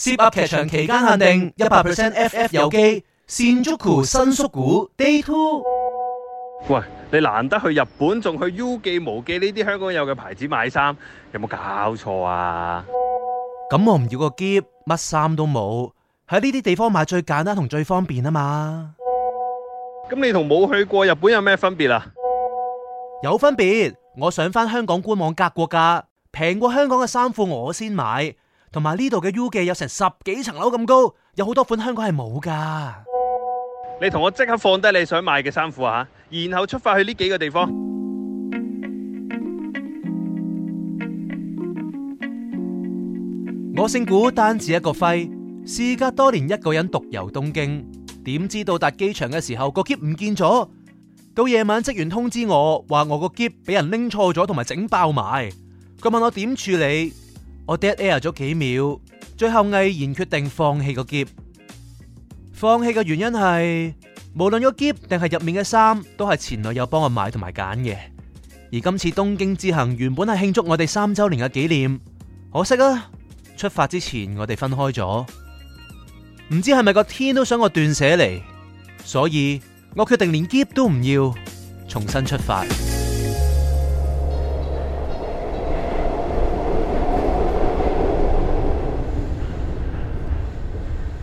Zip 噏劇場，期間限定一百 percent FF 遊記 Shinjuku 新宿故 Day Two。喂，你難得去日本，仲去 U 記、無記呢啲香港有嘅牌子買衫，有冇搞錯啊？咁我唔要嗰喼，乜衫都冇，喺呢啲地方買最簡單同最方便啊嘛。咁你同冇去過日本有咩分別啊？有分別，我上返香港官網格過價，平過香港嘅衫褲我先買。同埋呢度嘅 U 記有成十幾層樓咁高，有好多款香港係冇噶。你同我即刻放低你想買嘅衫褲啊，然後出發去呢幾個地方。 我姓古，單字一個輝，事隔多年一個人獨遊東京，點知到達機場嘅時候個喼唔見咗。到夜晚職員通知我話我個喼俾人拎錯咗，同埋整爆埋。佢問我點處理？我 dead air 咗幾秒，最後毅然決定放棄個喼。放棄嘅原因係，無論個喼定係入面嘅衫，都係前女友幫我買同埋揀嘅。而今次東京之行原本係慶祝我哋三周年嘅紀念，可惜啊，出發之前我哋分開咗。唔知係咪個天都想我斷捨離，所以我決定連喼都唔要，重新出發。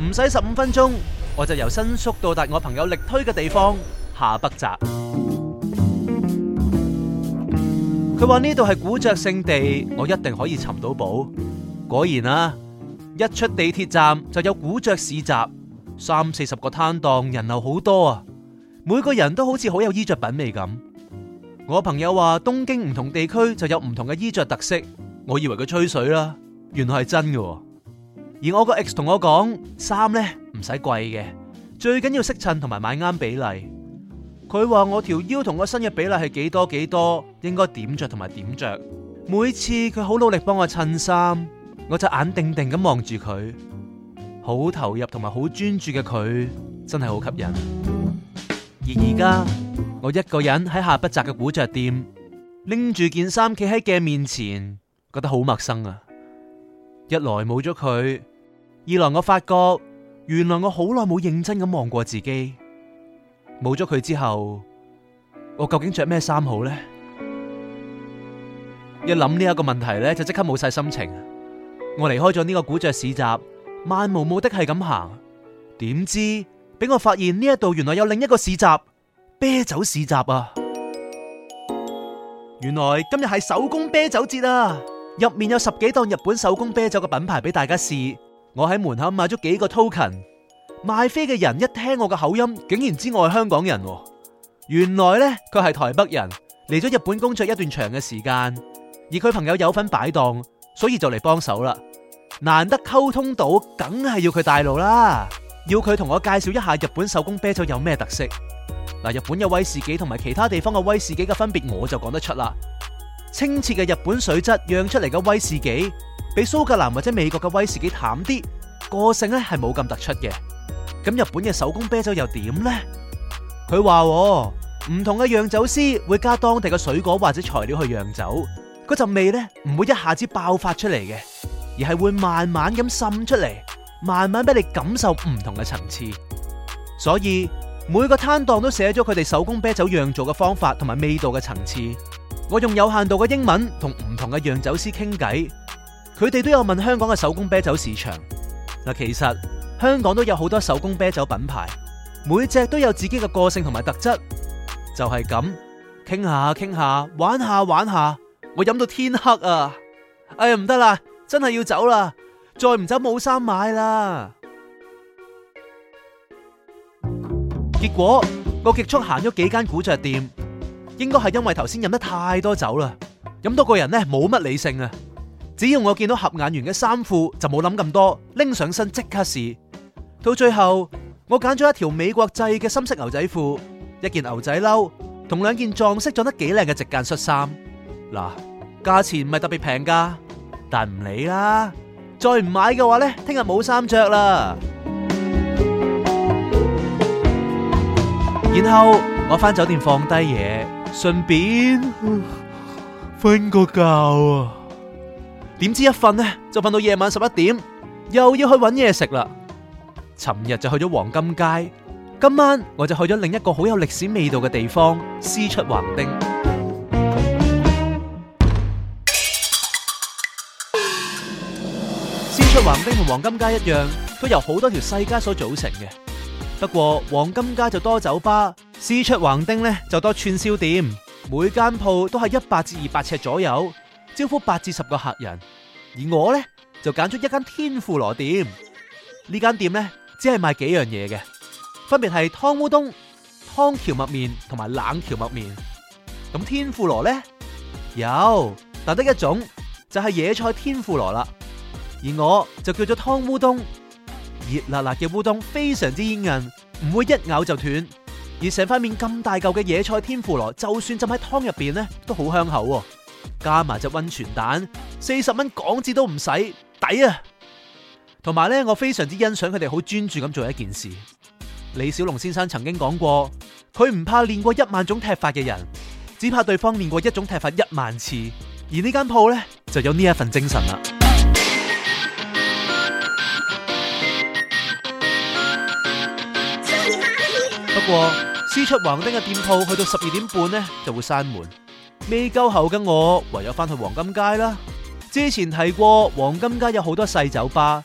唔使十五分鐘，我就由新宿到達我朋友力推嘅地方，下北澤。佢話呢度係古着勝地，我一定可以尋到寶。果然啊，一出地鐵站就有古着市集，三四十個攤檔，人流好多啊！每個人都好似好有衣着品味咁。我朋友話東京唔同地區就有唔同嘅衣着特色，我以為佢吹水啦，原來係真嘅啊。而我個 ex 同我講，衫呢唔使貴嘅，最緊要識襯同埋買啱比例。佢話我條腰同個身嘅比例係幾多幾多，應該點着同埋點着。每次佢好努力幫我襯衫，我就眼定定咁望住佢，好投入同埋好專注嘅佢，真係好吸引。而而家我一個人喺下北澤嘅古着店，拎住件衫企喺鏡面前，覺得好陌生啊。一來冇咗佢，二來我發覺原來我好耐冇認真咁望過自己。冇咗佢之後，我究竟着咩衫好咧？一諗呢一個問題咧，就即刻冇晒心情。我離開咗呢個古着市集，漫無目的係咁行，點知俾我發現呢一度原來有另一個市集——啤酒市集啊！原來今日係手工啤酒節啊！入面有十幾檔日本手工啤酒嘅品牌俾大家試，我喺門口買咗幾個 token。賣飛嘅人一聽我嘅口音，竟然知我係香港人，原來呢，佢係台北人，嚟咗日本工作一段長嘅時間，而佢朋友有份擺檔，所以就嚟幫手啦。難得溝通到，梗係要佢帶路啦，要佢同我介紹一下日本手工啤酒有咩特色。嗱，日本有威士忌同埋其他地方嘅威士忌嘅分別，我就講得出啦。清澈嘅日本水質釀出嚟嘅威士忌，比蘇格蘭或者美國嘅威士忌淡啲，個性咧係冇咁突出嘅。咁日本嘅手工啤酒又點呢？佢話喎，唔同嘅釀酒師會加當地嘅水果或者材料去釀酒，嗰陣味咧唔會一下子爆發出嚟嘅，而係會慢慢咁滲出嚟，慢慢俾你感受唔同嘅層次。所以每個攤檔都寫咗佢哋手工啤酒釀造嘅方法同埋味道嘅層次。我用有限度嘅英文同唔同嘅釀酒師傾偈，佢哋都有問香港嘅手工啤酒市場。嗱，其實香港都有好多手工啤酒品牌，每隻都有自己嘅個性同埋特質。就係咁，傾下傾下，玩下玩下，我飲到天黑啊！哎呀，唔得啦，真係要走啦，再唔走冇衫買啦。結果我極速行咗幾間古着店。應該係因為頭先飲得太多酒啦，飲多個人呢冇乜理性啊。只要我見到合眼緣嘅衫褲就冇諗咁多，拎上身即刻試。到最後我揀咗一條美國製嘅深色牛仔褲，一件牛仔褸同兩件撞色撞得幾靚嘅直間恤衫。嗱，價錢唔係特別平噶，但唔理啦。再唔買嘅話呢，聽日冇衫着啦。然後我返酒店放低嘢。順便瞓個覺啊！點知一瞓呢就瞓到夜晚十一點，又要去揾嘢食啦。尋日就去咗黃金街，今晚我就去咗另一個好有歷史味道嘅地方——思出橫町。思出橫町同黃金街一樣，都由好多條細街所組成嘅。不過黃金街就多酒吧。思出橫町咧，就多串燒店，每間鋪都係一百至二百尺左右，招呼八至十個客人。而我咧就揀咗一間天婦羅店，呢間店咧只係賣幾樣嘢嘅，分別係湯烏冬、湯蕎麥麵同埋冷蕎麥麵。咁天婦羅咧有，但得一種就係、是、野菜天婦羅啦。而我就叫做湯烏冬，熱辣辣嘅烏冬非常之煙韌，唔會一咬就斷。而成塊面咁大嚿嘅野菜天婦羅，就算浸喺湯入邊咧，都好香口喎。加埋隻溫泉蛋，四十蚊港紙都唔使，抵啊！同埋咧，我非常之欣賞佢哋好專注咁做一件事。李小龍先生曾經講過，佢唔怕練過一萬種踢法嘅人，只怕對方練過一種踢法一萬次。而呢間鋪咧就有呢一份精神啦。 不過。私出橫丁嘅店鋪，去到十二點半呢就會閂門，未夠候嘅我唯有翻去黃金街啦。之前提過黃金街有好多細酒吧，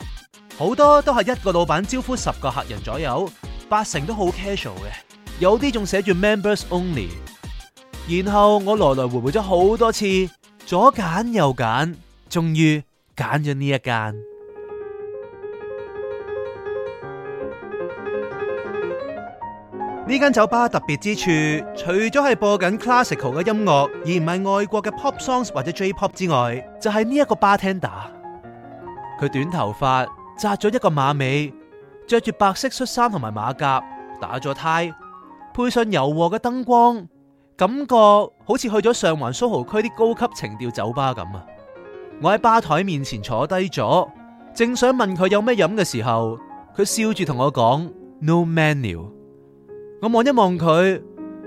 好多都係一個老闆招呼十個客人左右，八成都好 casual 嘅，有啲仲寫住 members only。然後我來來回回咗好多次，左揀右揀，終於揀咗呢一間。呢間酒吧特別之處，除咗係播緊 classical 嘅音樂，而唔係外國嘅 pop songs 或者 J pop 之外，就係呢一個 bartender。佢短頭髮，紮咗一個馬尾，着住白色恤衫同埋馬甲，打咗 tie，配上柔和嘅燈光，感覺好似去咗上環蘇豪區啲高級情調酒吧咁啊。我喺吧檯面前坐低咗，正想問佢有咩飲嘅時候，佢笑住同我講：No menu。我望一望佢，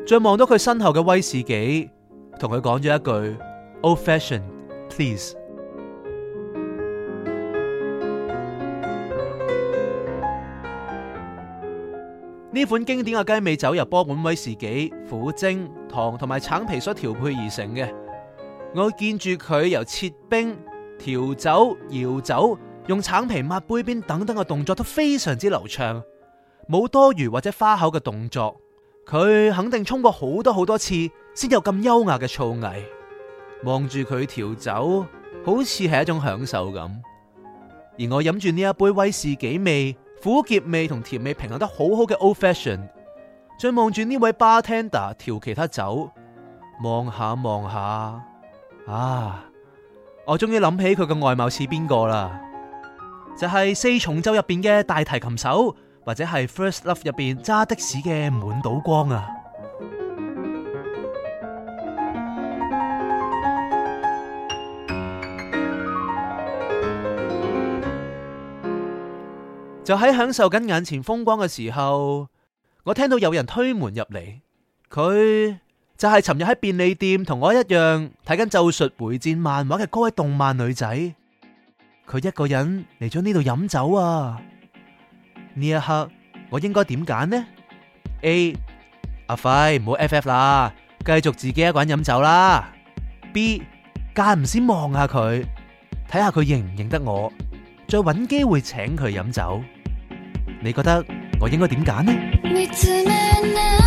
再望到佢身後嘅威士忌，同佢講咗一句 Old Fashioned，please。呢款經典嘅雞尾酒由波本威士忌、苦精、糖同埋橙皮所調配而成嘅。我見住佢由切冰、調酒、搖酒、用橙皮抹杯邊等等嘅動作都非常之流暢。冇多餘或者花巧嘅動作，佢肯定沖過好多好多次，先有咁優雅嘅造詣。望住佢調酒，好似係一種享受咁。而我飲住呢一杯威士忌味、苦澀味同甜味平衡得好好嘅 Old Fashion，再望住呢位 bar tender 調其他酒，望下望下，啊！我終於諗起佢嘅外貌似邊個啦，就係四重奏入邊嘅大提琴手。或者係 First Love 入邊揸的士嘅滿島光啊！就喺享受緊眼前風光嘅時候，我聽到有人推門入嚟，佢就係尋日喺便利店同我一樣睇緊《咒術回戰》漫畫嘅嗰位動漫女仔，佢一個人嚟咗呢度飲酒啊！呢一刻我應該點揀呢？A 阿輝，唔好 FF 啦，繼續自己一個人飲酒啦。B 間唔時望下佢，睇下佢認唔認得我，再揾機會請佢飲酒。你覺得我應該點揀呢？